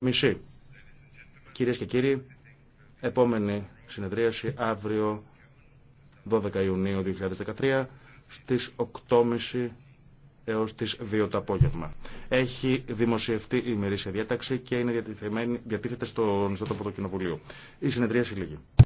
μισή. Κυρίε και κύριοι, επόμενη συνεδρίαση αύριο 12 Ιουνίου 2013 στις 8.30 έως τις 2 το απόγευμα. Έχει δημοσιευτεί η ημερήσια διάταξη και είναι διατίθεται στον ιστοτόπο του Κοινοβουλίου. Η συνεδρίαση λίγη.